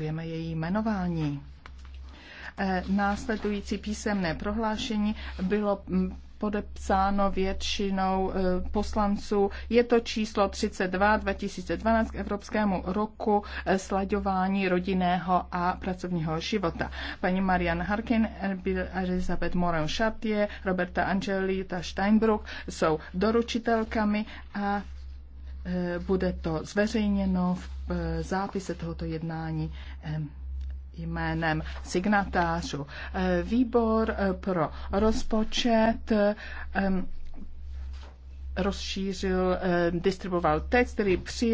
akceptujeme její jmenování. Eh, následující písemné prohlášení bylo mm, podepsáno většinou eh, poslanců. Je to číslo 32 2012 k Evropskému roku eh, slaďování rodinného a pracovního života. Paní Marian Harkin, Elizabeth Moran Chartier, Roberta Angelita Steinbruck jsou doručitelkami a Eh, bude to zveřejněno v eh, zápise tohoto jednání eh, jménem signatářů. Výbor pro rozpočet rozšířil, distribuoval text, který při